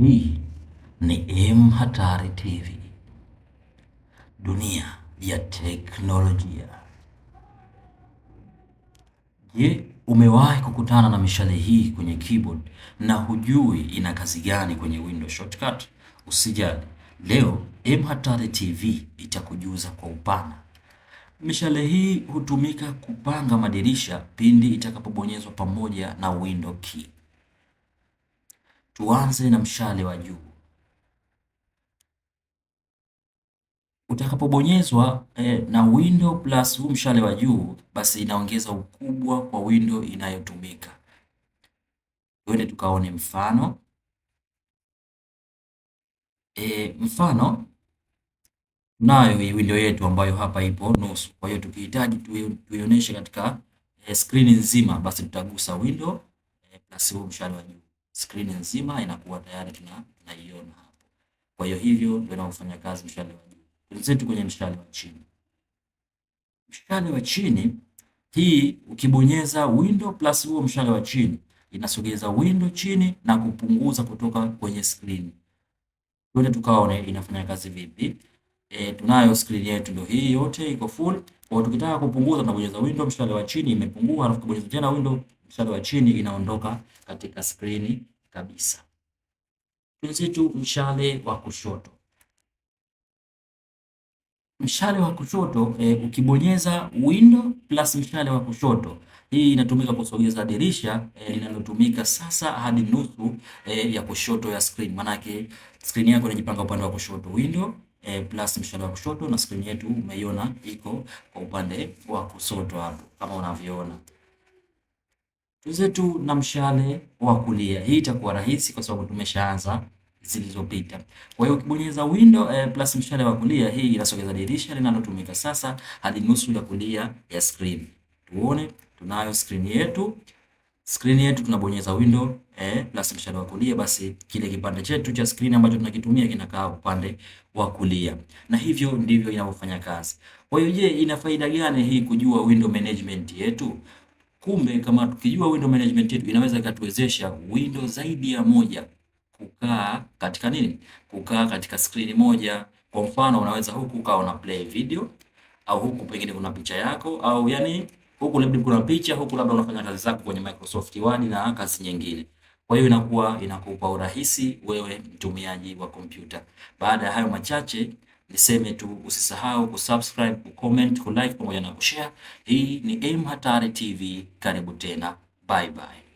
Hii ni M Hatari TV, dunia ya teknolojia. Je, umewahi kukutana na mishale hii kwenye keyboard na hujui ina kazi gani kwenye window shortcut? Usijali, leo M Hatari TV itakujuza kwa upana. Mishale hii hutumika kupanga madirisha pindi itakapobonyezwa pamoja na window key. Tuanze na mshale wa juu. Utakapobonyezwa eh, na window plus huu mshale wa juu, basi inaongeza ukubwa kwa window inayotumika. Tuende tukaone mfano e, mfano nayo hii window yetu ambayo hapa ipo nusu. Kwa hiyo tukihitaji tuionyeshe katika eh, skrini nzima, basi tutagusa window eh, plus huu mshale wa juu screen nzima inakuwa tayari tuna tunaiona hapo. Kwa hiyo hivyo ndio inaofanya kazi mshale wa juu. Tuzetu kwenye mshale wa chini, mshale wa chini hii ukibonyeza window plus huo mshale wa chini inasogeza window chini na kupunguza kutoka kwenye screen. Twende tukaone inafanya kazi vipi. E, tunayo screen yetu ndio hii yote iko full. Kwa tukitaka kupunguza tunabonyeza window mshale wa chini imepungua, alafu kubonyeza tena window mstari wa chini inaondoka katika skrini kabisa. Tuenzetu mshale wa kushoto. Mshale wa kushoto e, ukibonyeza window plus mshale wa kushoto, hii inatumika kusogeza dirisha e, linalotumika sasa hadi nusu e, ya kushoto ya screen. Manake screen yako inajipanga upande wa kushoto window e, plus mshale wa kushoto, na screen yetu umeiona iko kwa upande wa kushoto hapo kama unavyoona tuze tu na mshale wa kulia. Hii itakuwa rahisi kwa sababu tumeshaanza zilizopita. Kwa hiyo ukibonyeza window eh, plus mshale wa kulia, hii inasogeza dirisha linalotumika sasa hadi nusu ya kulia ya screen. Tuone tunayo screen yetu. Screen yetu tunabonyeza window eh, plus mshale wa kulia, basi kile kipande chetu cha screen ambacho tunakitumia kinakaa upande wa kulia, na hivyo ndivyo inavyofanya kazi. Kwa hiyo, je, ina faida gani hii kujua window management yetu? Kumbe kama tukijua window management yetu inaweza ikatuwezesha window zaidi ya moja kukaa katika nini, kukaa katika skrini moja. Kwa mfano, unaweza huku ukawa una play video au huku pengine kuna picha yako au yani huku labda kuna picha, huku labda unafanya kazi zako kwenye Microsoft Word na kazi nyingine. Kwa hiyo inakuwa inakupa urahisi wewe mtumiaji wa kompyuta. Baada ya hayo machache Niseme tu usisahau kusubscribe, kucomment, kulike pamoja na kushare. Hii ni AIM Hatari TV, karibu tena, bye bye.